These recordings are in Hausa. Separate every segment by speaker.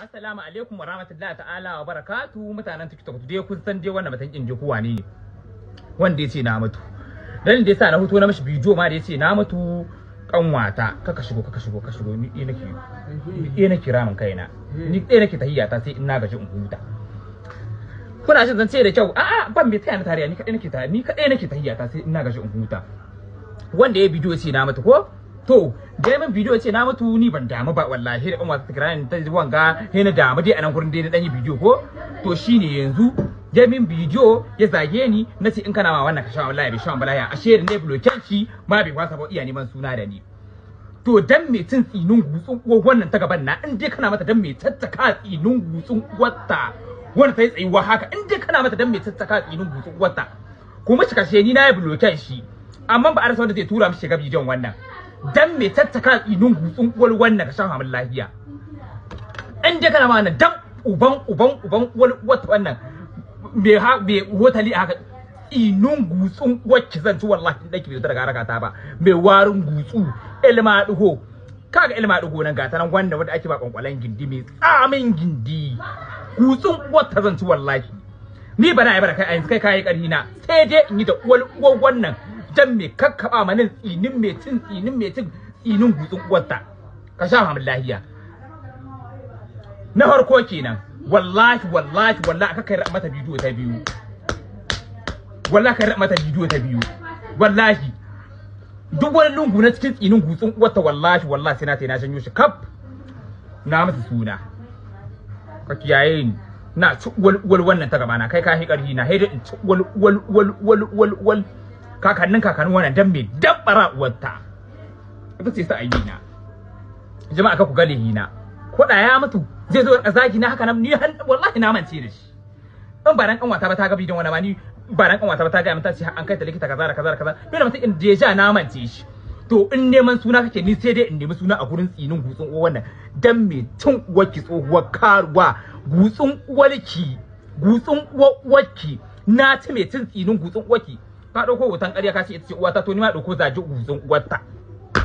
Speaker 1: Assalamu alaikum wa rahmatullahi ta'ala wa barakatu mutanen TikTok dai kun san dai wannan matan inje kowa ne wanda yace na mutu dan da yasa na hoto na mishi bidiyo ma da yace na mutu kanwata kaka shigo kaka shigo kaka shigo ni nake ni nake ramin kaina ni dai nake tahiyya ta sai in na gaji in huta kuna zan ce da kyau a'a ban bi taya na tariya ni kadai nake ta ni kadai nake tahiyya ta sai in na gaji in huta wanda ya bidiyo yace na mutu ko to da min bidiyo ce na mutu ni ban damu ba wallahi da kuma Instagram ta wanga sai na damu dai a nan gurin dai na dan yi bidiyo ko to shine yanzu ya min bidiyo ya zage ni na ce in kana ma wannan ka sha wallahi bai sha wallahi ashe da ne bloken shi ma bai kwasa ba iya neman suna da ni to dan me cin tsinin gutsun uwa wannan ta gaban na in dai kana mata dan me tattaka tsinin gutsun uwarta wannan ta yi tsayuwa haka in dai kana mata dan me tattaka tsinin gutsun uwarta kuma cika ni na yi bloken shi amma ba a rasa wanda zai tura mishi shiga bidiyon wannan dan me tattaka tsinin gutsun uwar wannan ka san hamin lafiya in je kana mana dan uban uban uban uwar wata wannan me ha me hotali haka inun gutsun wacce ki zan ci wallahi dan ki bai daga raka ta ba me warin gutsu ilma dugo kaga ilma dugo nan ga tanan wanda wanda ake ba kwankwalan gindi me tsamin gindi gutsun wata ta zan ci wallahi ni bana na yi barka ai kai kai karhina sai dai in yi da uwar uwar wannan fitaccen mai kakkaba mana tsinin mai tsin tsinin mai cin tsinin gutsun uwarta ka sha mamun lahiya na farko kenan wallahi wallahi wallahi aka kai mata bidiyo ta biyu wallahi kai mata bidiyo ta biyu wallahi duk wani lungu na cikin tsinin gutsun uwarta wallahi wallahi sai na sai na janyo shi kaf na masa suna ka kiyaye ni na ci wal wannan ta gaba na kai ka hi karhi na hai da wal wal wal wal wal kakannin kakannin wannan dan mai dabbara bara uwarta ita ce sa'ayi na jama'a ka ku gane hina ko da ya mutu zai zo a zaki na haka nan ni wallahi na mance da shi in ba kan wata ba ta ga bidiyon wani ma ni ba kan wata ba ta ga mata ce an kai ta likita kaza da kaza da kaza dole mutum in ja na mance shi to in neman suna kake ni sai dai in nemi suna a gurin tsinin gutsun uwa wannan. dan mai tun uwarki tsohuwar karuwa gutsun uwarki gutsun uwarki na ci mai tun tsinin gutsun uwarki ka dauko hoton ƙarya ka ce ita ce ta to ni ma dauko zaji shi uwarta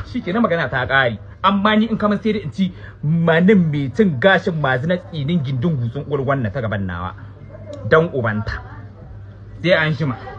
Speaker 1: shikenan magana ta ƙari amma ni in kamar sai da in ci manin mai cin gashin mazinan tsinin gindin gutsun uwar wannan ta gaban nawa dan ubanta sai an shima